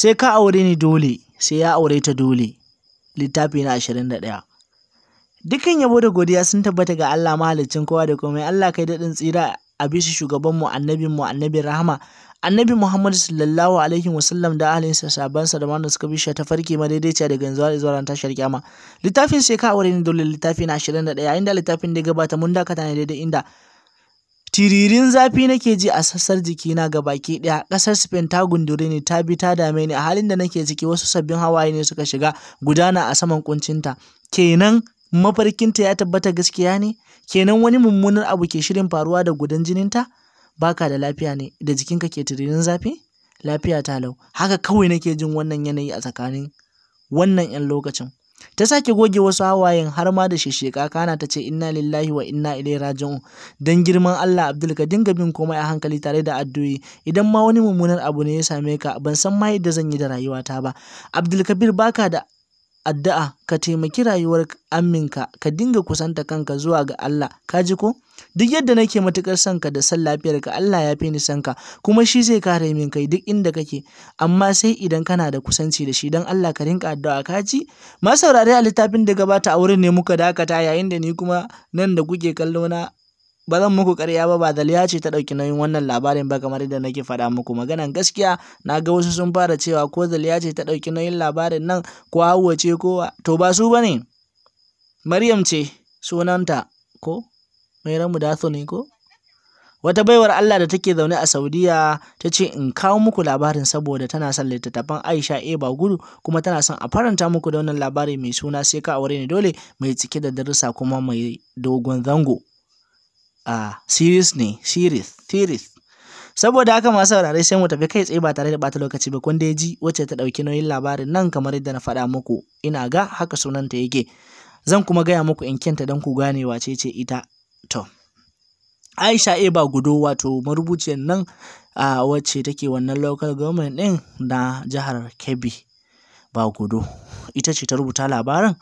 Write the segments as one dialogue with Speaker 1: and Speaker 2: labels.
Speaker 1: sai ka aure ni dole sai ya aure ta dole littafi na 21 dukan yabo da godiya sun tabbata ga Allah mahaliccin kowa da komai Allah kai daɗin tsira a bisa shugaban mu annabin mu annabin rahama annabi Muhammad sallallahu alaihi wasallam da saban sa da wanda suka bishiya ta farke madaidaiciya daga yanzu har zuwa ran tashar kyama littafin sai ka aure ni dole littafi na 21 inda littafin da gabata mun dakata ne daidai inda Tiririn zafi nake ji a sassar jikina baki ɗaya, ƙasar Spain ta gunduri ne ta bi ta dame ni, a halin da nake ciki wasu sabbin hawaye ne suka shiga gudana a saman kuncinta. Kenan mafarkinta ya tabbata gaskiya ne? Kenan wani mummunar abu ke shirin faruwa da gudan jininta? Baka da lafiya ne da jikinka ke tiririn zafi? Lafiya ta lau. Haka kawai nake jin wannan yanayi a tsakanin wannan 'yan lokacin. ta sake goge wasu hawayen har ma da shesheka kana ta ce inna lillahi wa inna ilaihi raji'un dan girman Allah Abdul ka dinga bin komai a hankali tare da addu'o'i idan ma wani mummunar abu ne ya same ka ban san ma yadda zan yi da rayuwata ba Abdul Kabir baka da addu'a ka taimaki rayuwar aminka ka dinga kusanta kanka zuwa ga Allah ka ji ko duk yadda nake matukar son ka da san lafiyar ka Allah ya fi ni son ka kuma shi zai kare min kai duk inda kake amma sai idan kana da kusanci da shi dan Allah ka rinka addu'a ka ji ma saurare a littafin da gabata a wurin ne muka dakata yayin da ni kuma nan da kuke kallo na ba zan muku karya ba ba daliya ce ta ɗauki nauyin wannan labarin ba kamar yadda nake faɗa muku maganan gaskiya na ga wasu sun fara cewa ko daliya ce ta ɗauki nauyin labarin nan ko hauwa ce ko to ba su bane maryam ce sunanta ko mai ramu da ne ko wata baiwar Allah da take zaune a Saudiya ta ce in kawo muku labarin saboda tana son littattafan Aisha A ba gudu kuma tana son a faranta muku da wannan labari mai suna sai ka aure ne dole mai cike da darussa kuma mai dogon zango a series ne series series saboda haka masu saurare sai mu tafi kai tsaye ba tare da bata lokaci ba kun ya ji wacce ta ɗauki nauyin labarin nan kamar yadda na faɗa muku ina ga haka sunanta yake zan kuma gaya muku in kenta don ku gane wace ce ita to Aisha Eba Gudo wato marubuciyar nan a wacce take wannan local government ɗin na jihar Kebbi ba Gudo ita ce ta rubuta labarin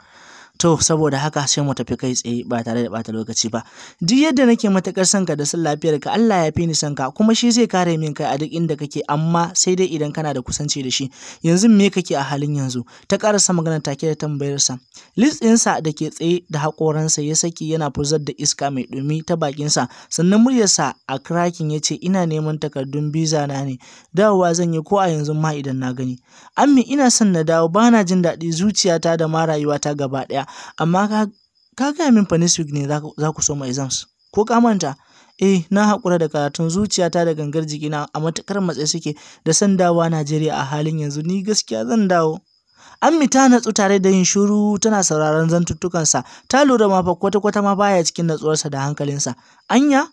Speaker 1: to saboda haka sai mu tafi kai tsaye ba tare da bata lokaci ba duk yadda nake matakar son ka da son lafiyar ka Allah ya fi ni son ka kuma shi zai kare min kai a duk inda kake amma sai dai idan kana da kusanci da shi yanzu me kake a halin yanzu ta karasa magana take da tambayar sa list ɗinsa da ke tsaye da hakoransa ya saki yana fuzar da iska mai ɗumi ta bakinsa sannan muryarsa a kirakin ya ce ina neman takardun biza na ne dawowa zan yi ko a yanzu ma idan na gani ammi ina son na dawo bana jin daɗi zuciyata da ma rayuwata gaba ɗaya amma ka ga min fa next week ne za ku so mai exams ko ka manta eh na haƙura da karatun zuciyata da gangar na, a matuƙar matsayi suke da san dawowa Najeriya a halin yanzu ni gaskiya zan dawo Ammi ta natsu tare da yin shiru tana sauraron zantuttukansa ta lura ma fa kwata-kwata ma baya cikin natsuwarsa da hankalinsa anya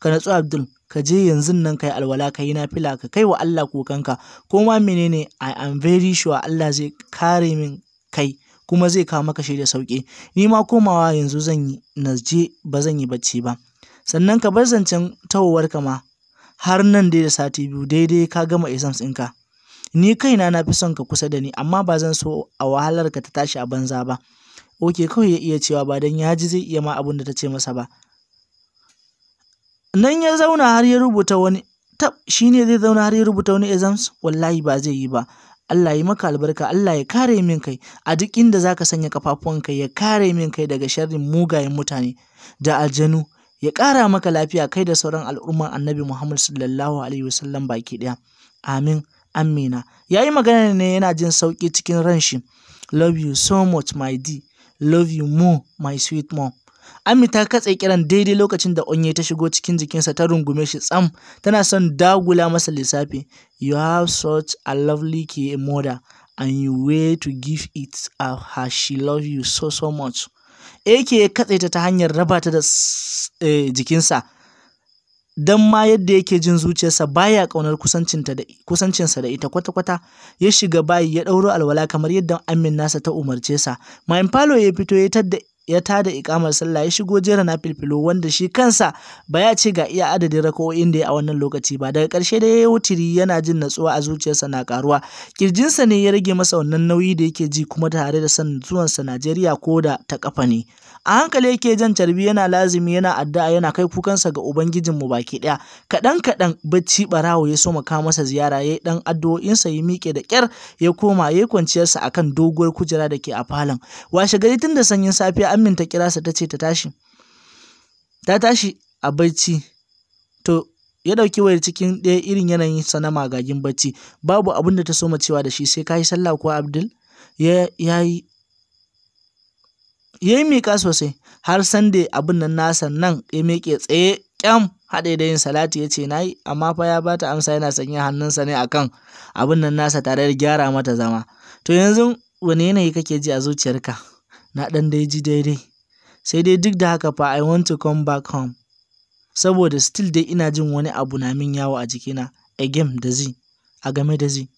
Speaker 1: ka natsu Abdul ka je yanzu nan kai alwala ka yi fila ka kai wa Allah kokanka. ko ma menene I am very sure Allah zai kare min kai kuma zai kawo maka shi da sauƙi ni ma komawa yanzu zan yi na je ba zan yi bacci ba sannan ka bar zancen ka ma har nan dai da sati biyu daidai ka gama exams ɗinka ni kaina na fi son ka kusa da ni amma ba zan so a wahalar ka ta tashi a banza ba oke kawai ya iya cewa ba dan ya ji zai iya ma abin da ta ce masa ba nan ya zauna har ya rubuta wani tab shi ne zai zauna har ya rubuta wani exams wallahi ba zai yi ba Allah yi maka albarka Allah ya kare min kai a duk inda za ka sanya kafafuwan kai, ya kare min kai daga sharrin mugayen mutane da aljanu ya kara maka lafiya kai da sauran al'umman annabi Muhammad sallallahu alaihi wasallam baki ɗaya amin amina yayi magana ne yana jin sauki cikin ran shi love you so much my dear love you more my sweet mom Ami ta katse kiran daidai lokacin da Onye ta shigo cikin jikinsa ta rungume shi tsam, tana son dagula masa lissafi. You have such a lovely key mother and you way to give it a her she love you so so much. Eke ya katse ta ta hanyar raba ta da eh, jikinsa. don ma yadda yake jin zuciyarsa baya kaunar kusancinsa da ita kwata-kwata ya shiga bayi ya ɗauro alwala kamar yadda amin nasa ta umarce sa mayan falo ya fito ya tadda ya tada ikamar sallah ya shigo jera na filfilo wanda shi kansa ba ya ce ga iya adadin raka'o'in da ya a wannan lokaci ba daga karshe da ya wutiri yana jin natsuwa a zuciyarsa na karuwa kirjinsa ne ya rage masa wannan nauyi da yake ji kuma tare da sanin zuwansa Najeriya ko da ta kafa ne a hankali yake jan carbi yana lazimi yana addu'a yana kai kukansa ga ubangijinmu baki ɗaya kaɗan kaɗan bacci barawo ya so maka masa ziyara ya yi ɗan addu'o'insa ya miƙe da ƙyar ya koma ya yi kwanciyarsa akan doguwar kujera da ke a falon washe gari tun da sanyin safiya aminta kirasa ta ce ta tashi ta tashi a bacci to ya ɗauki wayar cikin ɗaya irin yanayin sa na magagin bacci babu abin da ta soma cewa da shi sai ka sallah ko abdul ya yi ya yi miƙa sosai har sande abin nan nasa nan ya miƙe tsaye kyam haɗe da yin salati ya ce na yi amma fa ya bata amsa yana sanya hannunsa ne akan abin nan nasa tare da gyara mata zama to yanzu wani yanayi kake ji a zuciyarka na ɗan dai ji daidai sai dai duk da haka fa I want to come back home saboda still dai ina jin wani abu na min yawo a jikina a game da zi a game da zi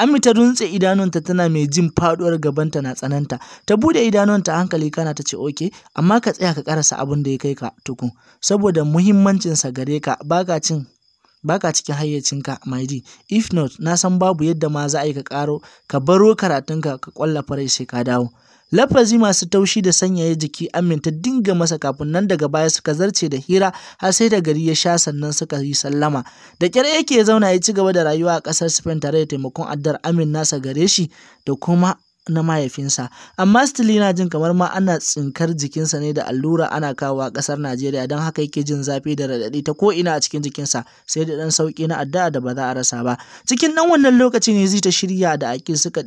Speaker 1: Ami ta runtse idanunta tana mai jin faɗuwar gabanta na tsananta. Ta bude idanunta hankali kana ta ce oke, amma ka tsaya ka karasa abin da ya kai ka tukun, saboda muhimmancinsa gare ka baka cin baka cikin hayyacinka my If not, na san babu yadda ma za a yi ka ƙaro ka baro karatunka ka ƙwallafa rai sai ka dawo. lafazi masu taushi da sanyaya jiki aminta ta dinga masa kafin nan daga baya suka zarce da hira har sai da gari ya sha sannan suka yi sallama da kyar yake zauna ya ci gaba da rayuwa a ƙasar spain tare da taimakon addar amin nasa gare shi da kuma na mahaifinsa, amma still yana jin kamar ma ana tsinkar jikinsa ne da allura ana kawo a kasar Najeriya don haka yake jin zafi da radadi ta ko'ina a cikin jikinsa sai da ɗan sauki na addu'a da ba za a rasa ba. Cikin ɗan wannan lokaci ne zai ta shirya da ake suka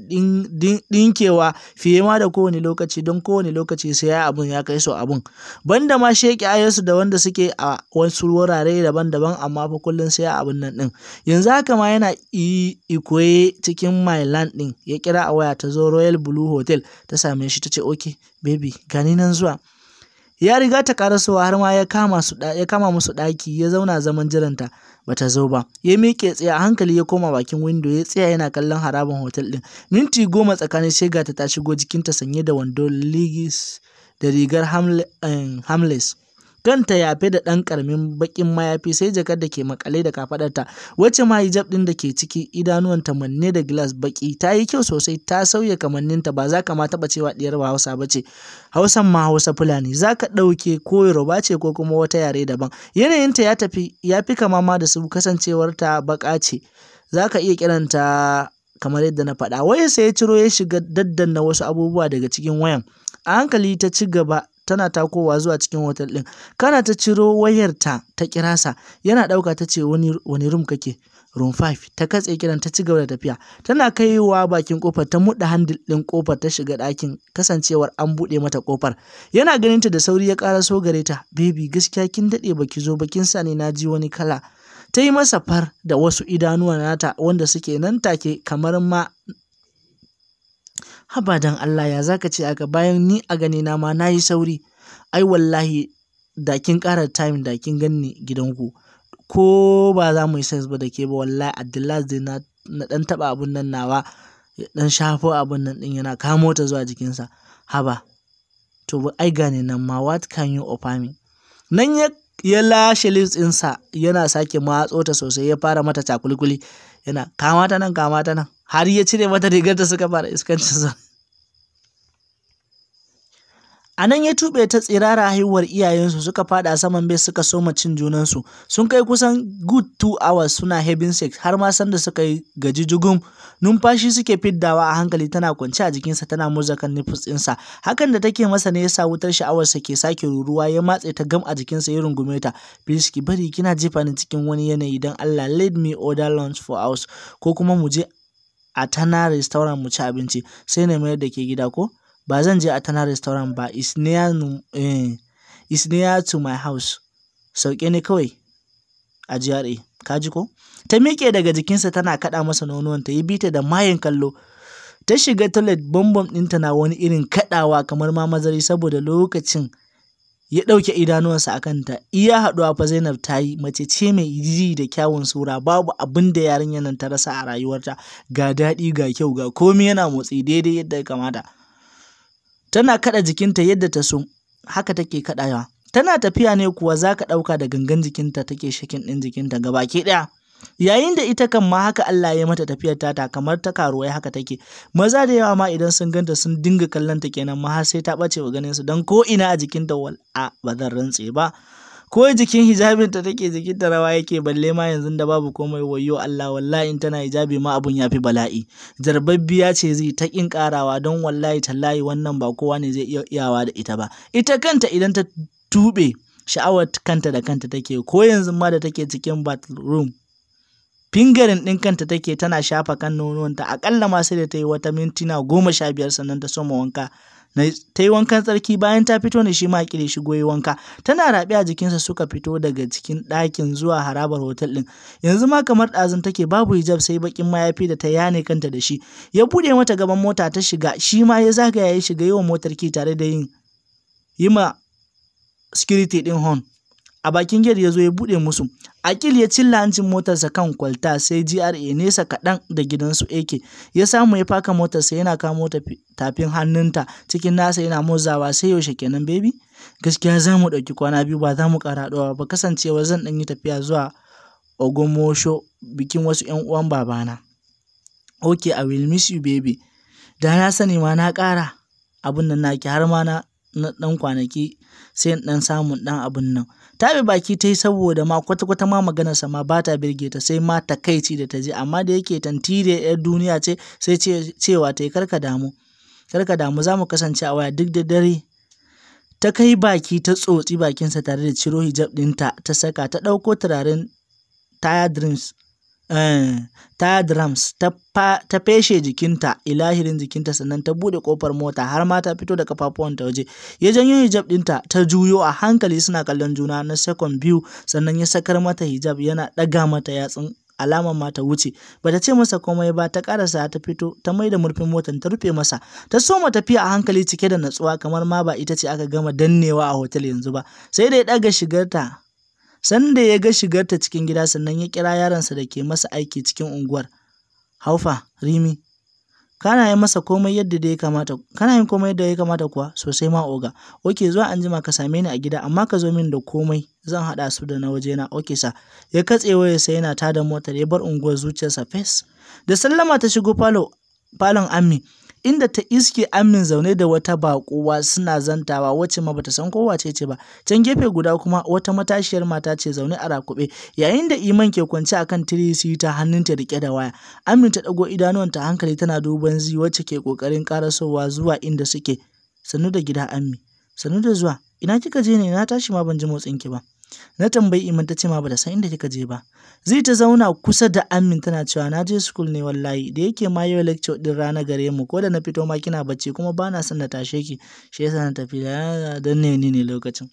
Speaker 1: ɗinkewa fiye ma da kowane lokaci don kowane lokaci sai ya abun ya kai so abun. Banda ma sheƙi ayyansu da wanda suke a wasu wurare daban-daban amma fa kullum sai ya abun nan ɗin. Yanzu haka ma yana ikoye cikin Mainland ɗin ya kira a waya ta zoro. Royal Blue Hotel ta same shi ta ce okay baby gani nan zuwa. Ya riga ta karasowa har ma ya kama su ya kama musu ɗaki ya zauna zaman jiranta bata zo ba. Ya miƙe tsaye a hankali ya koma bakin window ya tsaya yana kallon harabar hotel ɗin. Minti goma tsakanin shega ta ta shigo jikinta sanye da wando ligis da rigar hamless. Eh, kanta yafe da ɗan ƙaramin baƙin mayafi sai jakar da ke makale da kafaɗarta wacce ma hijab ɗin da ke ciki idanuwanta manne da gilas baƙi ta yi kyau sosai ta sauya kamanninta ba za ka ma taɓa cewa ɗiyar ba hausa ba ce hausan ma hausa fulani za ka ɗauke ko yoruba ce ko kuma wata yare daban yanayinta ya tafi ya fi kama ma da su kasancewarta baƙa ce za ka iya kiranta kamar yadda na faɗa wayarsa ya ciro ya shiga daddanna wasu abubuwa daga cikin wayan a hankali ta ci gaba tana takowa zuwa cikin hotel ɗin kana ta ciro wayar ta ta kirasa yana ɗauka ta ce wani wani room kake room 5 ta katse kiran ta cigaba da tafiya tana kaiwa bakin kofar ta muda handil ɗin kofar ta shiga dakin kasancewar an buɗe mata kofar yana ganin ta da sauri ya ƙara so gare ta baby gaskiya kin daɗe baki zo ba kin sa ne na ji wani kala ta yi masa far da wasu idanuwa nata wanda suke nan take kamar ma haba dan Allah ya zaka ce haka bayan ni a gani na ma nayi sauri ai wallahi da kin ƙara time da kin ganni gidanku ko ba za mu yi sense ba da ke ba wallahi Abdullahi zai na ɗan taɓa abun nan nawa ya ɗan shafo abun nan ɗin yana kamo ta zuwa jikinsa haba to ai gane nan ma what can you offer me nan ya ya lashe lips sa yana sake matso ta sosai ya fara mata cakulkuli yana kamata nan kamata nan har ya cire mata rigar da suka fara iskancin A nan ya tuɓe ta tsirara haihuwar iyayensu suka fada saman bai suka soma cin junansu. Sun kai kusan good two hours suna having sex har ma sanda suka yi gaji jugum. Numfashi suke fiddawa a hankali tana kwance a jikinsa tana murzakan nufus Hakan da take masa ne ya sa wutar sa ke sake ruruwa ya matse ta gam a jikinsa ya rungume ta. Please bari kina jefa ni cikin wani yanayi don Allah lead me order lunch for house ko kuma mu je a tana restaurant mu ci abinci sai na mayar da ke gida ko? Ba zan je Atana restaurant ba. It's near, eh, to my house. Sauke ne kawai a GRA. kaji ji ko? Ta miƙe daga jikinsa tana kaɗa masa nonuwan ta yi bita da mayin kallo. Ta shiga toilet bambam ɗinta na wani irin kaɗawa kamar ma mazari saboda lokacin ya ɗauke idanuwansa a kanta. Iya haɗuwa fa Zainab ta yi mace ce mai ji da kyawun sura babu abin da yarinyar nan ta rasa a rayuwarta ga daɗi ga kyau ga komai yana motsi daidai yadda ya kamata. tana kaɗa jikinta yadda ta so haka take kaɗawa tana tafiya ne kuwa za ka ɗauka da gangan jikinta take shakin ɗin jikinta ke ɗaya yayin da ita kan ma haka Allah ya mata tafiyar tata kamar ta karuwai haka take maza da yawa ma idan sun ganta sun dinga kallon ta kenan ma har sai ta ɓace wa ganin su dan ko ina a jikinta wal ba zan rantse ba ko jikin hijabin ta take jikin ta rawa yake balle ma yanzu da babu komai wayo Allah wallahi in tana hijabi ma abun yafi bala'i jarbabbiya ce zai ta kin karawa don wallahi tallahi wannan ba kowa ne zai iya iyawa da ita ba ita kanta idan ta tube sha'awar kanta da kanta take ko yanzu ma da take cikin bathroom fingarin ɗin kanta take tana shafa kan nonuwanta akalla ma sai da ta yi wata mintina goma sha biyar sannan ta soma wanka ta yi wankan tsarki bayan ta fito ne shi ma kire shi goyi wanka tana raɓe a jikinsa suka fito daga cikin ɗakin zuwa harabar hotel ɗin yanzu ma kamar ɗazun take babu hijab sai bakin mayafi da ta yane kanta da shi ya buɗe mata gaban mota ta shiga shi ma ya zagaya ya shiga yawan motar ki tare da yin yi ma security ɗin horn a bakin gate ya zo ya bude musu akil ya cilla hancin motarsa kan kwalta sai gra nesa kaɗan da gidansu ake ya samu ya faka motarsa yana kamo tafin hannunta cikin nasa yana motsawa sai yaushe kenan baby gaskiya za mu ɗauki kwana biyu ba za mu ƙara ba kasancewa zan ɗan yi tafiya zuwa ogomosho bikin wasu 'yan uwan babana ok i will miss you baby da na sani ma na kara. abin nan naki har ma na ɗan kwanaki sai dan ɗan samun ɗan abin nan taɓa baki ta yi saboda ma kwata-kwata ma maganarsa ma ba ta birge ta sai ma ta kai ci da ta je amma da yake tantire 'yar duniya ce sai cewa ta yi karka damu karka damu za mu kasance a waya duk da dare ta kai baki ta tsotsi bakinsa tare da ciro hijab ɗinta ta saka ta ɗauko turaren tire dreams Eh, drums ta feshe jikinta, ilahirin jikinta sannan ta bude kofar mota har ma ta fito da ta waje. Ya janyo hijab dinta ta juyo a hankali suna kallon juna na sakon biyu sannan ya sakar mata hijab yana daga mata yatsun alamar ma ta wuce bata ce masa komai ba ta karasa ta fito ta mai da murfin motar ta rufe masa ta soma tafiya a hankali cike da natsuwa kamar ma ba ita ce aka gama dannewa a hotel yanzu ba sai dai daga shigarta Sanda ya ga shigarta cikin gida sannan ya kira yaransa da ke masa aiki cikin unguwar, Haufa, Rimi, kana yi masa komai yadda da ya kamata kana yin komai yadda ya kamata kuwa sosai ma oga oke zuwa an jima ka same ni a gida amma ka zo min da komai zan haɗa su da na waje na oke sa ya katse waya sai yana tada motar ya bar unguwar zuciyarsa fes da sallama ta shigo falo falon ammi inda ta iske amin zaune da wata bakowa suna zantawa wacce ma bata san kowa ce ce ba can gefe guda kuma wata matashiyar mata ce zaune a rakuɓe yayin da iman ke kwance akan tirisi ta hannunta rike da waya amin ta ɗago ta hankali tana duban zi wacce ke kokarin karasowa zuwa inda suke sannu da gida ammi sannu da zuwa ina kika je ne na tashi ma ban ji motsin ki ba na tambayi iman ta ce ma da san inda kika je ba zai ta zauna kusa da amin tana cewa na je school ne wallahi da yake ma yau lecture din rana gare mu ko da na fito ma kina bacci kuma ba na son na tashe ki shi yasa na tafi da dan ne ni ne lokacin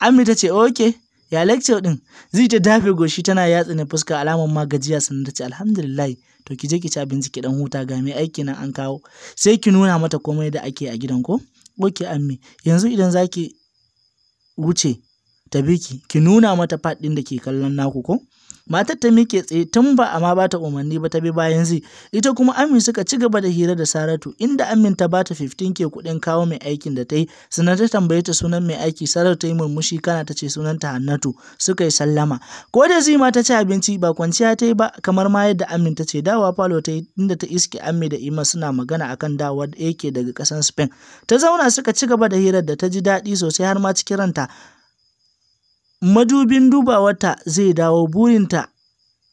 Speaker 1: amin ta ce okay ya lecture din zai ta dafe goshi tana yatsa ne fuska alaman ma gajiya sannan ta ce alhamdulillah to ki je ki ci abinci ki dan huta ga me aiki nan an kawo sai ki nuna mata komai da ake a gidan ko okay Amin, yanzu idan zaki wuce ta biki ki nuna mata fad ɗin da ke kallon naku ko matar ta miƙe tsaye tun ba a ma ba ta umarni ba ta bi bayan zai. ita kuma amin suka ci gaba da hira da saratu inda amin ta bata 15 ke kuɗin kawo mai aikin da ta yi sannan ta tambaye ta sunan mai aiki saratu ta yi murmushi kana ta ce sunan ta hannatu suka yi sallama ko da zi ma ta ci abinci ba kwanciya ta yi ba kamar ma yadda amin ta ce dawa falo ta yi inda ta iske amin da ima suna magana akan dawa da yake daga ƙasan spain ta zauna suka ci gaba da hirar da ta ji daɗi sosai har ma cikin ranta Madubin dubawarta zai dawo, burinta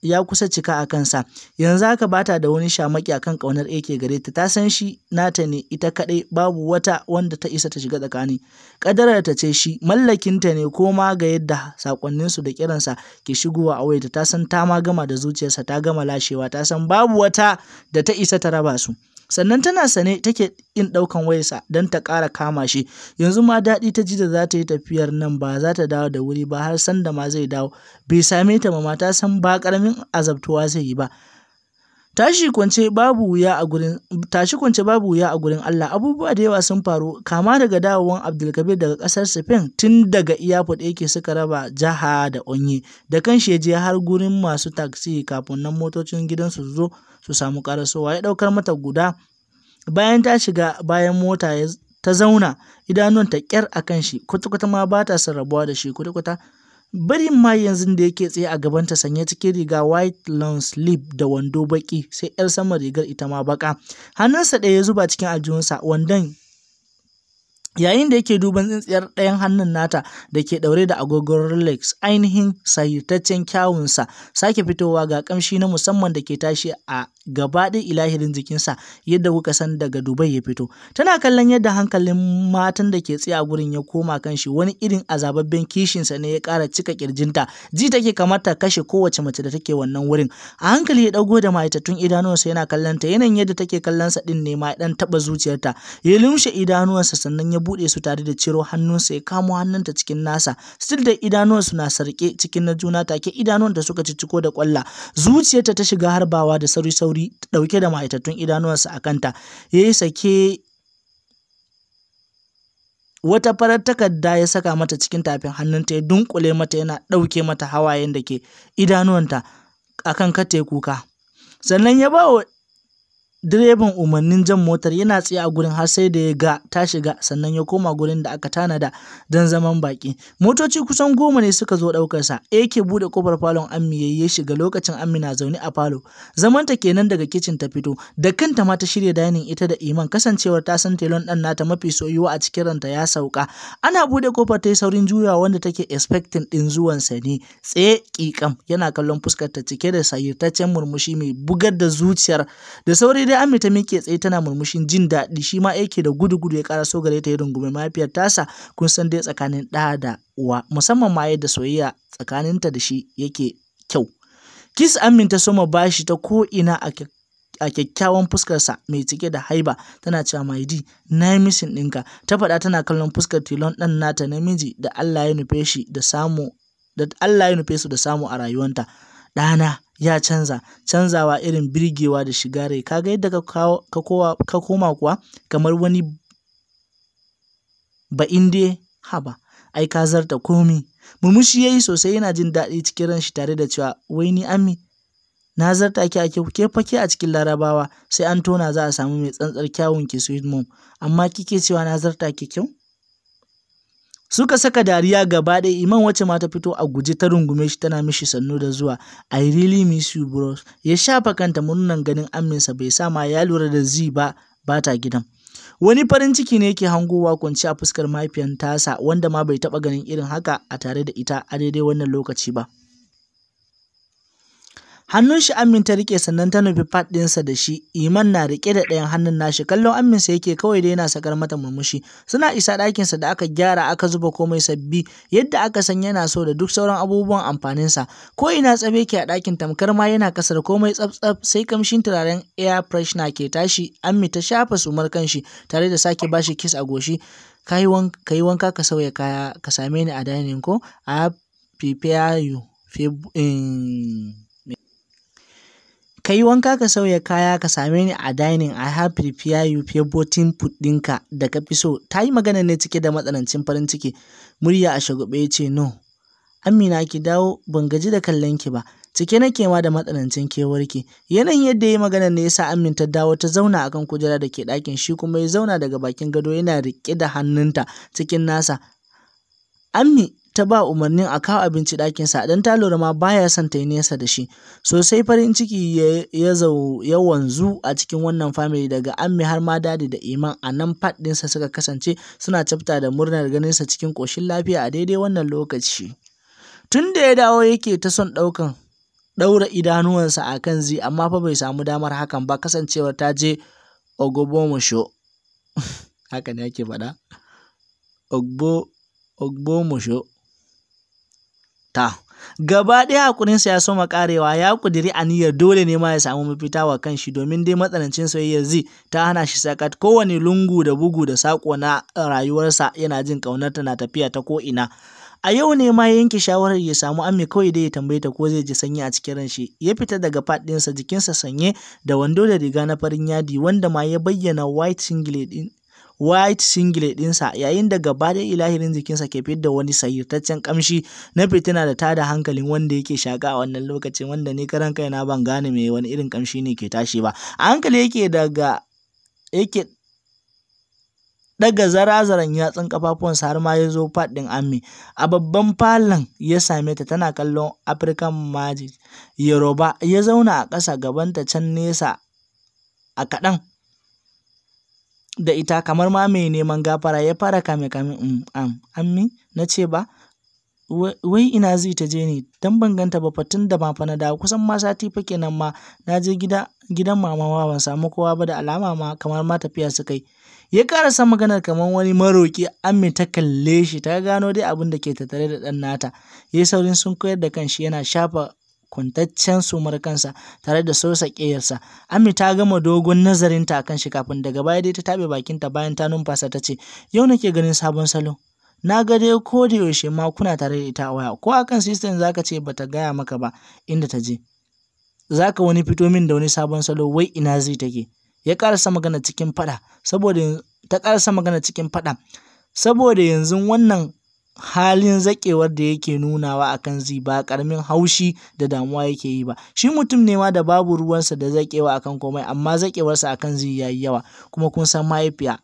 Speaker 1: ya kusa cika a kansa, yanzu haka ba ta da wani shamaki akan kan ƙaunar Ake gare ta, ta san shi nata ne ita kaɗai, babu wata wanda ta isa ta shiga tsakani, ta ce shi, mallakinta ne ko ma ga yadda saƙonninsu da kiransa ke shigowa a wayarta ta san ta ma gama da zuciyarsa ta gama lashewa, ta san babu wata da ta isa ta raba su. sannan tana sane take in ɗaukan wayarsa don ta ƙara kama shi yanzu ma daɗi ta ji da za ta yi tafiyar nan ba za ta dawo da wuri ba har sanda ma zai dawo bai same ta ma ta san ba ƙaramin azabtuwa zai yi ba Tashi kwance babu wuya a gurin Allah, abubuwa da yawa sun faru, kama daga dawowan abdulkabir daga kasar Spain, tun daga iyafot yake suka raba jiha da Onye, da kanshi ya je har gurin masu taksi kafin nan motocin gidansu su zo su samu karasowa ya daukar mata guda, bayan ta shiga bayan mota ta zauna, idanun ta a kanshi shi, kwata ma ba ta sarrabuwa da shi kwata barin ma yanzu da yake tsaye a gabanta sanye cikin riga white long sleeve da wando baki sai 'yar saman rigar ita ma baka hannunsa ɗaya ya zuba cikin aljihunsa, wandon yayin da yake duban tsintsiyar ɗayan hannun nata da ke ɗaure da agogon rolex ainihin sayitaccen kyawunsa sake fitowa ga ƙamshi na musamman da ke tashi a gabaɗin ilahirin jikinsa yadda kuka san daga dubai ya fito tana kallon yadda hankalin matan da ke tsaye a gurin ya koma kan shi wani irin azababben kishinsa ne ya ƙara cika ƙirjinta ji take kamar ta kashe kowace mace da take wannan wurin a hankali ya ɗago da ma'aikatun idanuwansa yana kallonta ta yanayin yadda take sa ɗin ne ma ɗan taɓa zuciyarta ya lumshe idanuwansa sannan ya buɗe su tare da ciro hannunsa ya kamo hannunta cikin nasa still da na sarƙe cikin na juna take idanuwan da suka cicciko da ƙwalla zuciyarta ta shiga harbawa da sauri sauri ɗauke da ma'aitatun idanuwansa a kanta ya yi sake wata farar takarda ya saka mata cikin tafin hannun ta ya dunkule mata yana ɗauke mata hawayen da ke idanuwanta akan kate kuka sannan ya ba Direban umarnin jan motar yana tsaye a gurin har sai da ya ga ta shiga sannan ya koma gurin da aka tanada don zaman baƙi. Motoci kusan goma ne suka zo ɗaukarsa, AK bude kofar falon Ammi ya yi ya shiga lokacin Ammi na zaune a falo. Zamanta kenan daga kicin ta fito, da kanta ma ta shirya dining ita da Iman kasancewar ta san telon ɗan nata mafi soyuwa a cikin ranta ya sauka. Ana bude kofar ta yi saurin juyawa wanda take expecting ɗin sa ne, tsaye ƙiƙam yana kallon fuskar ta cike da sayirtaccen murmushi mai bugar da zuciyar da sauri dai Ami ta miƙe tsaye tana murmushin jin daɗi shi ma yake da gudu-gudu ya so gare ta ya rungume mahaifiyar tasa kun san dai tsakanin ɗa da uwa musamman ma yadda soyayya tsakaninta da shi yake kyau. Kis Amin ta soma bashi ta ko'ina a a kyakkyawan fuskarsa mai cike da haiba tana cewa mai na yi misin ɗinka ta faɗa tana kallon fuskar tilon ɗan nata namiji da Allah ya nufe shi da samu da Allah ya nufe su da samu a rayuwanta ɗana ya canza canzawa irin birgewa da shiga rai kaga yadda ka koma kuwa kamar wani ba inde haba ai ka zarta komi murmushi yayi sosai yana jin daɗi cikin ranshi tare da cewa wai ni ami na zarta ki ake ke fake a cikin larabawa sai an tona za a samu mai tsantsar kyawun ki sweet mom amma kike cewa na zarta ki kyau Suka saka dariya gaba ɗaya, Iman wacce ma ta fito a guje ta rungume shi tana mishi sannu da zuwa, I really miss you bros. Ya shafa kanta murnan ganin aminsa bai sa ma ya lura da zi ba ba ta gidan. Wani farin ciki ne yake hangowa kwanci a fuskar mahaifiyar tasa wanda ma bai taɓa ganin irin haka a tare da ita a daidai wannan lokaci ba. hannun shi amin ta rike sannan ta nufi fat dinsa da shi iman na rike da ɗayan hannun nashi kallon aminsa yake kawai da yana sakar mata murmushi suna isa ɗakinsa da aka gyara aka zuba komai sabbi yadda aka san yana so da duk sauran abubuwan amfaninsa ko ina tsabe ke a ɗakin tamkar ma yana kasar komai tsaf-tsaf sai kamshin turaren air freshener ke tashi amin ta shafa sumar kanshi tare da sake bashi kiss a goshi ka yi wanka ka sauya kaya ka same ni a dining ko a prepare you in Ka yi wanka ka sauya kaya ka same ni a dining I have prepared you favorite food ɗinka da ka fi so. Ta yi magana ne cike da matsanancin farin ciki, murya a shagube ya ce, No, Amina ki dawo, ban gaji da kallon ki ba, cike nake ma da matsanancin kewarki. Yanayin yadda ya yi magana ne ya Amin ta dawo ta zauna a kan kujerar da ke ɗakin, shi kuma ya zauna daga bakin gado yana riƙe da hannunta cikin nasa. Ammi ta ba umarnin a kawo abinci ɗakinsa don ta lura ma baya son ta yi nesa da shi sosai farin ciki ya zau wanzu a cikin wannan family daga ammi har ma dadi da iman a nan faɗinsa suka kasance suna cafta da murnar ganinsa cikin ƙoshin lafiya a daidai wannan lokaci tun da ya dawo yake ta son ɗaukan ɗaura idanuwansa a kan zi amma fa bai samu damar hakan ba kasancewar ta je ogobomosho haka ne ake faɗa ogbo ta. Gaba ɗaya haƙurinsa ya soma karewa ya ƙudiri aniyar dole ne ma ya samu mafita wa kanshi domin dai matsanancin soyayyar zi ta hana shi sakat kowane lungu da bugu da sako na rayuwarsa yana jin ƙaunar na tafiya ta ko ina A yau ne ma yanke shawarar ya samu Ami kawai dai ya tambaye ta ko zai ji sanyi a cikin ran shi. Ya fita daga ɗinsa jikinsa sanye da wando da riga na farin yadi wanda ma ya bayyana white singlet din white singlet ɗinsa yayin da gaba da ilahirin jikinsa ke fidda wani sayyutaccen kamshi na fitina da tada hankalin wanda yake shaka a wannan lokacin wanda ni karan kaina ban gane me wani irin kamshi ne ke tashi ba a hankali yake daga yake daga zarazaran yatsun kafafuwansa har ma ya zo faɗin ammi a babban falon ya same ta tana kallon african magic yoruba ya zauna a ƙasa gabanta can nesa a kaɗan da ita kamar ma mai neman gafara ya fara kame-kame um mm, am ammi na ce ba wai ina zai ta je ne dan banganta ba fa tun da ma fa na dawo kusan ma sati fa kenan ma na je gida gidan mama ma ban samu kowa ba da alama ma kamar ma tafiya su kai ya karasa maganar kamar wani maroki ammi ta kalle shi ta gano dai abin da ke tattare da ɗan nata yayi saurin sun koyar da kanshi yana shafa kuntaccen sumar kansa tare da sosa kiyarsa Ami ta gama dogon nazarin ta akan shi kafin daga baya dai ta bakin ta bayan ta numfasa ta ce, Yau nake ganin sabon salo. Na ga dai ko da yaushe ma kuna tare da ita a waya, ko akan system zaka ce bata ta gaya maka ba inda ta je. Za wani fito min da wani sabon salo wai ina zai take. Ya karasa magana cikin faɗa, saboda ta karasa magana cikin faɗa, saboda yanzu wannan halin zaƙewar da yake nunawa a kan zi ba ƙaramin haushi da damuwa yake yi ba shi mutum ne ma da babu ruwansa da zaƙewa kan komai amma zaƙewarsa kan zi yayi yawa kuma kun san mahaifiya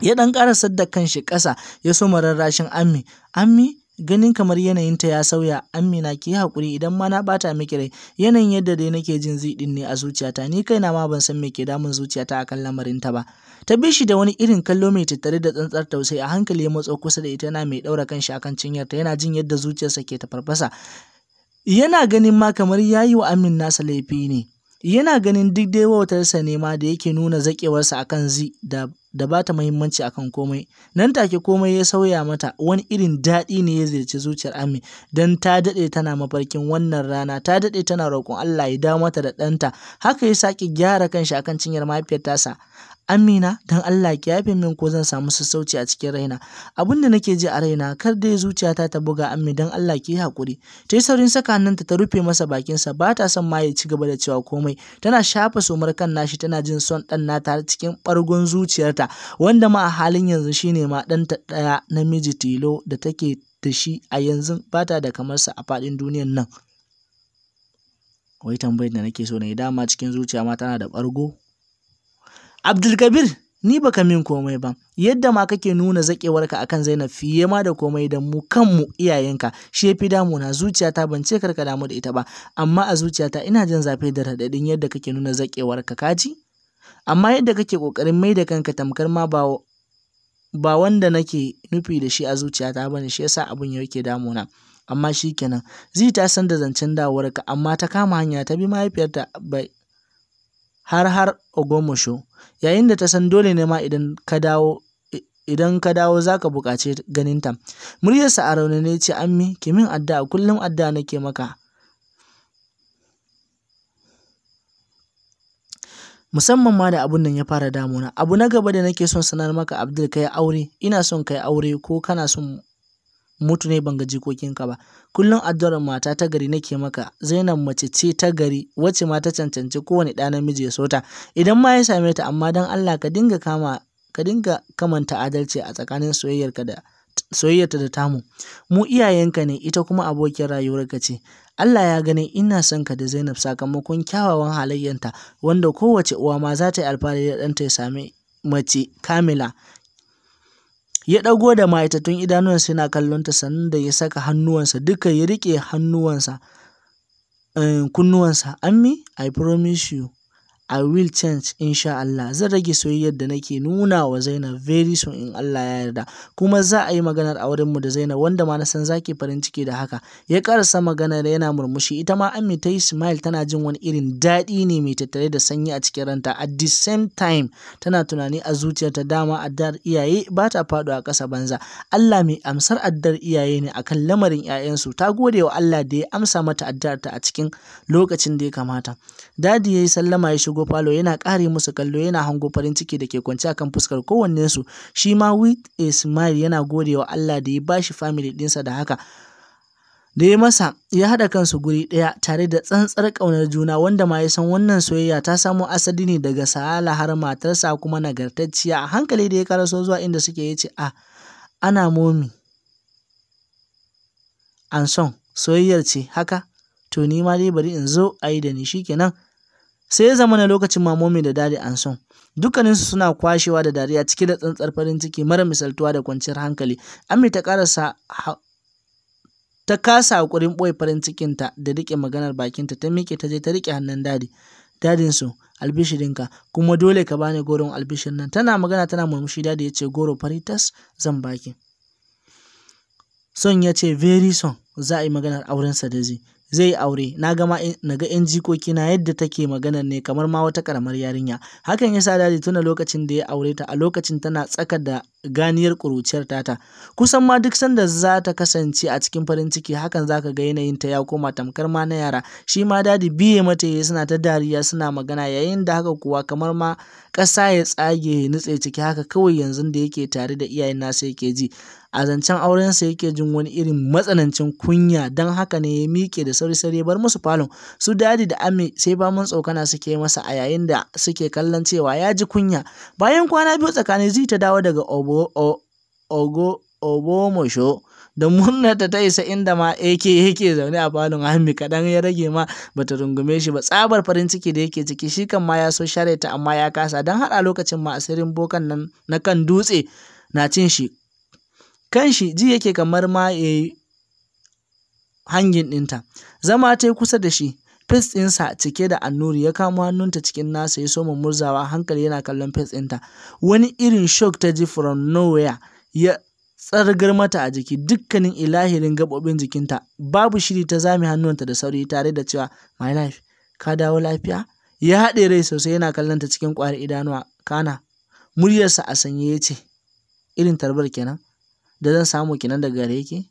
Speaker 1: ya ɗan ƙarasar da kanshi ƙasa ya so mararrashin ami ammi Ganin kamar yanayinta ya sauya, Amina ki hakuri haƙuri idan ma na bata miki rai, yanayin yadda dai nake jin ziɗin ne a zuciyata, ni kaina ma ban san me ke damun zuciyata a akan lamarinta ba. Ta bi shi da wani irin kallo mai tattare da tsantsar tausayi a hankali ya matso kusa da ita yana mai ɗaura kanshi akan cinyarta yana jin yadda zuciyarsa ke tafarfasa. Yana ganin ma kamar ya yi wa Amin nasa laifi ne. Yana ganin duk dai wautarsa ne ma da yake nuna zaƙewarsa akan zi da da ba ta muhimmanci akan komai. Nan take komai ya sauya mata, wani irin daɗi ne ya ziyarci zuciyar Ami, don ta daɗe tana mafarkin wannan rana, ta daɗe tana roƙon Allah ya dawo mata da ɗanta. Haka ya sake gyara kanshi akan cinyar mahaifiyar tasa. Amina don Allah ki yafe min ko zan samu sassauci a cikin raina. Abin da nake ji a raina kar dai zuciyata ta buga ammi don Allah ki yi haƙuri. Ta yi saurin saka hannunta ta rufe masa bakinsa ba ta son ma ya ci gaba da cewa komai. Tana shafa somar kan nashi tana jin son ɗan nata har cikin ɓargon zuciyarta wanda ma a halin yanzu shine ma ɗanta ɗaya namiji tilo da take da shi a yanzu ba ta da kamarsa a faɗin duniyan nan. Wai tambayar da nake so na yi dama cikin zuciya ma tana da ɓargo. Abdulkabir ni baka min komai ba yadda ma kake nuna zaƙewarka akan Zainab fiye ma da komai da mu kanmu iyayenka shi ya yafi damuna zuciyata ban ce karka damu da ita ba amma a zuciyata ina jin zafi da raɗaɗin yadda kake nuna zaƙewarka kaji amma yadda kake ƙoƙarin mai da kanka tamkar ma ba ba wanda nake nufi da shi a zuciyata bane shi yasa abin yake damuna amma shikenan zai ta san da zancen dawarka amma ta kama hanya ta bi mahaifiyarta bai har har ogomosho, yayin da ta san dole ne ma idan ka dawo idan ka dawo za ka buƙaci ganinta. Muryarsa a raunin ne ce, Ammi, ki min addu'a, kullum addu'a nake maka. Musamman ma da abun nan ya fara damuna. Abu na gaba da nake son sanar maka Abdul ka aure, ina son ka aure ko kana son mutu ne ban ga ka ba kullum addu'ar mata ta gari nake maka zainab mace ce ta gari wacce ma ta cancanci kowane ɗa namiji ya sota idan ma ya same ta amma dan allah ka dinga kama ka dinga kamanta adalci a tsakanin soyayyarka da soyayyarta da tamu mu iyayenka ne ita kuma abokin rayuwarka ce Allah ya gani ina son ka da Zainab sakamakon kyawawan halayyanta wanda kowace uwa ma za ta yi alfahari da ɗanta ya sami mace Kamila ya ɗago da ma'aikatattun idanunsa yana kallonta sannan da ya saka hannuwansa duka ya riƙe hannuwansa eh, kunnuwansa ammi i promise you I will change insha Allah. Zan rage soyayyar da nake nuna wa Zainab very soon in Allah ya yarda. Kuma za a yi maganar mu da Zainab wanda ma na san za farin ciki da haka. Ya karasa maganar yana murmushi ita ma Ammi ta yi smile tana jin wani irin daɗi ne mai tattare da sanyi a cikin ranta. At the same time tana tunani a zuciyarta dama addar iyaye ba ta faɗo a ƙasa banza. Allah mai amsar addar iyaye ne akan lamarin 'ya'yansu. Ta gode wa Allah da ya amsa mata ta a cikin lokacin da ya kamata. Dadi yayi sallama ya shigo hango falo yana ƙare musu kallo yana hango farin ciki da ke kwance akan fuskar su shi ma with a smile yana gode wa Allah da ya bashi family ɗinsa da haka da ya masa ya haɗa kansu guri daya. tare da tsantsar kaunar juna wanda ma ya san wannan soyayya ta samo asali ne daga sahala har matarsa kuma nagartacciya a hankali da ya karaso zuwa inda suke ya ce a ana momi an son soyayyar ce haka to ni ma dai bari in zo ayi da ni shikenan Sai ya zama na lokacin mamomi da dadi an son dukkaninsu suna kwashewa da dariya cike da tsantsar farin ciki mara misaltuwa da kwanciyar hankali. Ami ta karasa ta kasa hakurin boye farin cikinta da rike maganar bakinta ta miƙe ta je ta rike hannun dadi. Dadin su albishirinka kuma dole ka bani goron albishirin nan tana magana tana murmushi dadi ya ce goro faritas zan baki. Son ya ce very son za a yi maganar aurensa da zai zai aure na gama na ga yan na yadda take maganar ne kamar ma wata karamar yarinya hakan yasa daji tuna lokacin da ya aure ta a lokacin tana tsaka da ganiyar kuruciyar tata kusan ma duk sanda za ta kasance a cikin farin ciki hakan zaka ga yanayin ta ya koma tamkar ma na yara shi ma dadi biye mata yayi suna ta dariya suna magana yayin da haka kuwa kamar ma ƙasa ya tsage nutse ciki haka kawai yanzu da yake tare da iyayen nasa yake ji a zancen aurensa yake jin wani irin matsanancin kunya don haka ne ya miƙe da sauri-sauri bar musu falon su dadi da ami sai mun tsokana suke masa a yayin da suke kallon cewa ya ji kunya bayan kwana biyu tsakanin zai ta dawo daga ogo mosho da murnarta ta isa inda ma yake yake zaune a falon ami kaɗan ya rage ma bata rungume shi ba tsabar farin ciki da yake ciki shi kan ma ya so share ta amma ya kasa don haɗa lokacin ma asirin bokan nan na kan dutse na cin shi Kanshi ji yake kamar ma ya eh, yi hangin ɗinta. Zama ta yi kusa da shi, fes ɗinsa cike da annuri ya kamo hannunta cikin nasa ya soma murzawa hankali yana kallon fes ɗinta. Wani irin shock ta ji from nowhere ya tsargar mata a jiki dukkanin ilahirin gaɓoɓin jikinta. Babu shiri ta zame hannunta da sauri tare da cewa my life ka dawo lafiya? Ya haɗe rai sosai yana kallonta cikin ƙwayar idanuwa. Kana muryarsa a sanye ya ce irin tarbar kenan. da zan samu kenan daga gare ki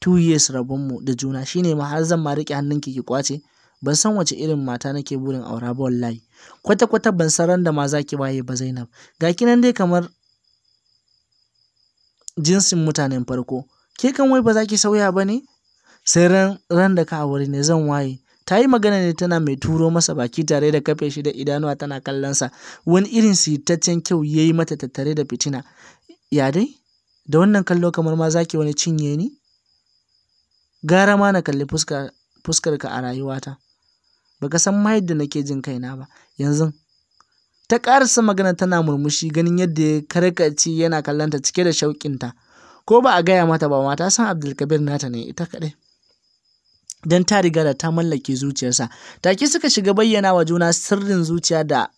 Speaker 1: two years mu. da juna shine ma har zan ma riƙe hannunki ki kwace ban san wace irin mata nake burin aura ba wallahi kwata kwata ban san ran da ma zaki waye ba Zainab ga kinan dai kamar jinsin mutanen farko ke kan wai ba za ki sauya ba ne sai ran ran da ka aure ne zan waye ta yi magana ne tana mai turo masa baki tare da kafe shi da idanuwa tana kallonsa wani irin sitaccen kyau ya yi mata tattare da fitina ya dai da wannan kallo kamar ma zaki wani cinye ni gara ma na kalli fuskar fuskarka a rayuwata baka san ma yadda nake jin kaina ba yanzu ta ƙarasa magana tana murmushi ganin yadda ya karkace yana kallonta cike da shauƙinta ko ba a gaya mata ba mata san abdulkabir nata ne ita kaɗai don ta riga da ta mallake zuciyarsa take suka shiga bayyana wa juna sirrin zuciya da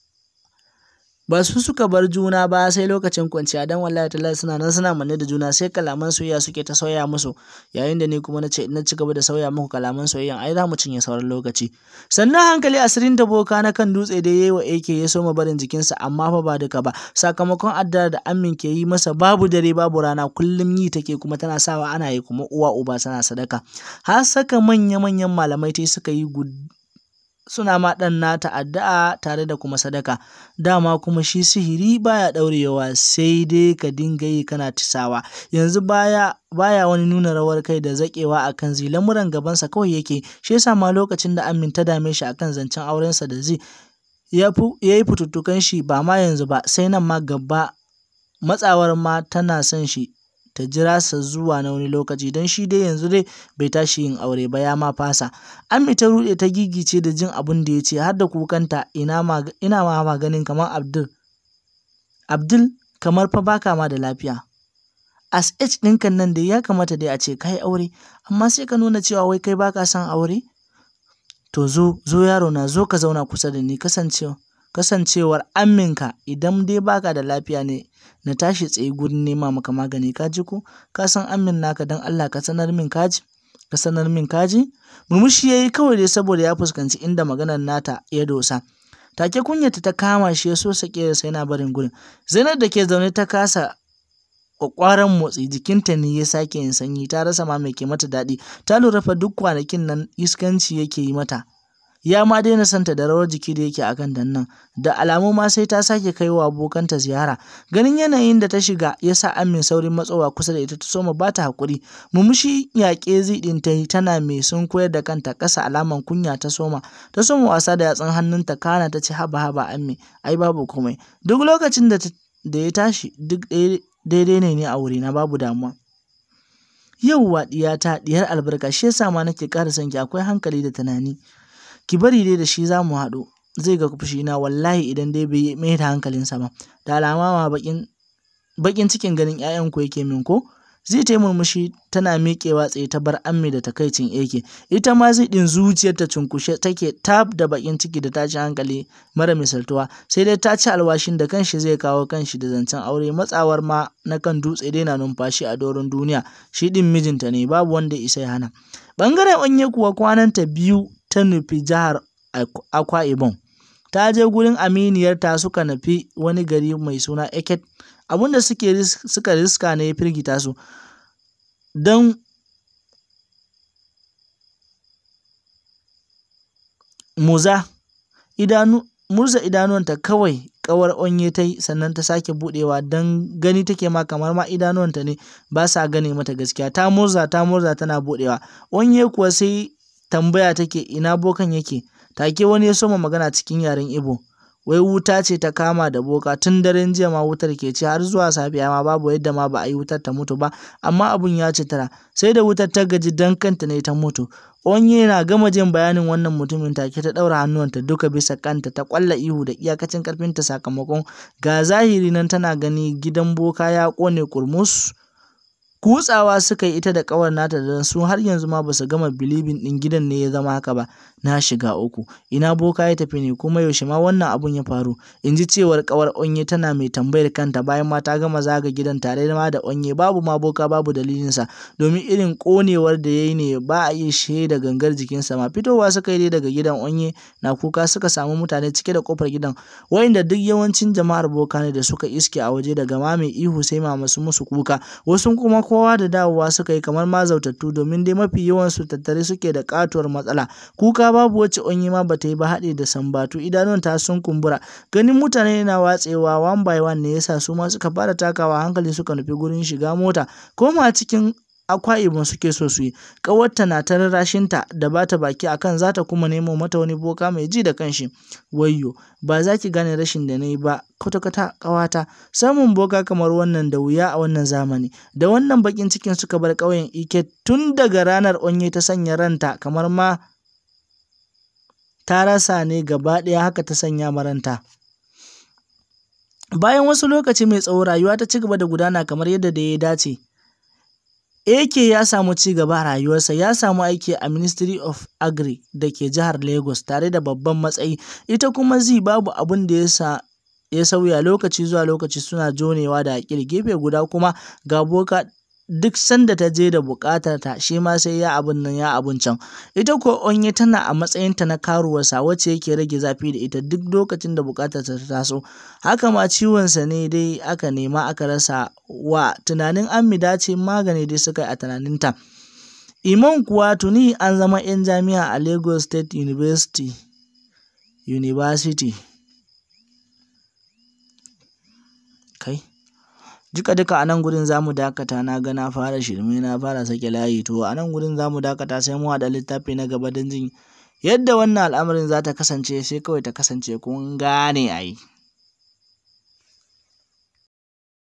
Speaker 1: ba su suka bar juna ba sai lokacin kwanciya dan wallahi tallahi suna nan suna manne da juna sai kalaman soyayya suke ta sauya musu yayin da ni kuma na na ci da sauya muku kalaman soyayya ai za mu cinye sauran lokaci sannan hankali asirin da boka na kan dutse da yayi wa AK ya soma barin jikinsa amma fa ba duka ba sakamakon adda da amin ke yi masa babu dare babu rana kullum yi take kuma tana sawa ana yi kuma uwa uba tana sadaka har saka manya-manyan malamai tai suka yi suna ma ɗan nata addu'a tare da kuma sadaka dama kuma shi sihiri baya ɗaurewa sai dai ka dinga yi kana tisawa yanzu baya baya wani nuna rawar kai da zakewa akan zi lamuran gabansa kawai yake shi yasa ma lokacin da Amin ta dame shi akan zancen aurensa da zi ya yi fututtukan shi ba ma yanzu ba sai nan ma gaba matsawar ma tana son shi ta jira sa zuwa na wani lokaci don shi dai yanzu dai bai tashi yin aure ba ya ma fasa. Ammi ta ruɗe ta gigice da jin abin da ya ce har da kukanta ina ma ma ganin kamar Abdul. Abdul kamar fa baka ma da lafiya. As H ɗinkan nan da ya kamata dai a ce ka aure, amma sai ka nuna cewa wai kai baka son aure? To zo, zo yaro na zo ka zauna kusa da ni kasancewa. kasancewar Aminka idan dai baka da lafiya ne na tashi tsaye gurin nema maka magani ka ji ko ka san amin naka don Allah ka sanar min ka ji ka sanar min ka murmushi yayi kawai dai saboda ya fuskanci inda maganar nata ya dosa take kunyata ta kama shi ya so sake sa yana barin gurin zainab da ke zaune ta kasa kwakwaran motsi jikinta ne ya sake yin sanyi ta rasa ma mai ke mata daɗi ta lura fa duk kwanakin nan iskanci yake yi mata ya ma daina santa da rawar jiki da yake a dannan nan da alamu ma sai ta sake kaiwa abokanta ziyara ganin yanayin da ta shiga ya sa amin saurin matsowa kusa da ita ta soma ba ta haƙuri mumushi yaƙe zidin ta yi tana mai sun koyar da kanta ƙasa alaman kunya ta soma ta soma wasa da yatsun hannunta kana ta ci haba haba amin, ai babu komai duk lokacin da da ya tashi duk daidai ne ne a wurina babu damuwa yauwa diyata ɗiyar albarka shi yasa ma nake ƙara sanki akwai hankali da tunani ki bari dai da shi za mu haɗu zai ga fushina wallahi idan dai bai mai da hankalinsa ba da alama ma bakin bakin cikin ganin 'ya'yanku yake min ko zai ta murmushi tana miƙewa tsaye ta bar ammi da takaicin yake ita ma zai ɗin zuciyarta cunkushe take tab da bakin ciki da tashin hankali mara misaltuwa sai dai ta ci alwashin da kanshi zai kawo kanshi da zancen aure matsawar ma na kan dutse dai na numfashi a doron duniya shi ɗin mijinta ne babu wanda isa ya hana bangaren onye kuwa kwananta biyu ta nufi jihar Akwa Ibom, ta je gurin aminiyarta suka nufi wani gari mai suna Eket, abin da suka riska ne ya firgita su, don murza idanuwanta kawai ƙawar onye ta yi, sannan ta sake budewa don gani take ma kamar ma idanuwanta ne ba sa gane mata gaskiya, ta murza ta murza tana budewa onye kuwa sai tambaya take ina bokan yake, take wani ya soma magana cikin yaren ibo wai wuta ce ta kama da boka tun daren jiya ma wutar ke ci har zuwa safiya ma babu yadda ma ba a yi wutar ta mutu ba, amma abun ya ci tara, sai da wutar ta gaji dan kanta ne ta mutu. Onye na gama jin bayanin wannan mutumin take ta ɗaura hannuwanta duka bisa kanta ta kwalla ihu da iyakacin ta sakamakon ga zahiri nan tana gani gidan boka ya kone kurmus. Kutsawa suka yi ita da kawar nata don sun har yanzu ma ba su gama bilibin ɗin gidan ne ya zama haka ba, na shiga uku, ina boka ya tafi ne kuma yaushe ma wannan abun ya faru, in ji cewar ƙawar Onye tana mai tambayar kanta bayan ma ta gama zaga gidan tare da ma da Onye babu ma boka babu dalilinsa, domin irin konewar da yayi yi ne ba a iya shaida gangar jikinsa ma, fitowa suka yi daga gidan Onye na kuka suka samu mutane cike da kofar gidan, wayanda duk yawancin jama'ar boka ne da suka iske a waje daga ma mai ihu sai ma musu kuka, wasu kuma kowa da dawowa suka yi kamar mazautattu domin dai mafi yawansu tattare suke da katuwar matsala. Kuka babu wacce ma ba ta yi ba haɗe da sambatu, idanun ta sun kumbura. Ganin mutane na watsewa one by one ne yasa su ma suka fara takawa hankali suka nufi gurin shiga mota. koma cikin Akwa suke so su yi. Ƙawarta na ta rarrashinta da bata baki a kan za kuma nemo mata wani boka mai ji da kanshi. Wayyo! Ba za ki gane rashin da na yi ba kwata-kwata ƙawata. Samun boka kamar wannan da wuya a wannan zamani. Da wannan baƙin cikin suka bar ƙauyen Ike tun daga ranar Onye ta sanya ranta kamar ma ta rasa ne gaba ɗaya haka ta sanya ma ranta. Bayan wasu lokaci mai tsawo rayuwa ta ci gaba da gudana kamar yadda da ya dace. AK ya samu gaba a rayuwarsa, ya samu aiki a Ministry of Agri da ke Jihar Lagos tare da babban matsayi, ita kuma zai babu abin da ya sauya, lokaci zuwa lokaci suna jonewa da Akil, gefe guda kuma ga boka duk sanda ta je da buƙatar ta shi ma sai ya abun nan ya abun can ita ko onye tana a matsayin ta na karuwarsa wacce yake rage zafi da ita duk lokacin da buƙatar ta taso haka ma ciwon sa ne dai aka nema aka rasa wa tunanin ammi dace magani dai suka yi a tunanin ta iman kuwa tuni an zama 'yan jami'a a lagos state university university duka-duka a nan gurin zamu dakata na ga na fara shirme na fara sake layi to a nan gurin za dakata sai mu haɗa littafi na gaba don jin yadda wannan al'amarin za ta kasance sai kawai ta kasance kun gane a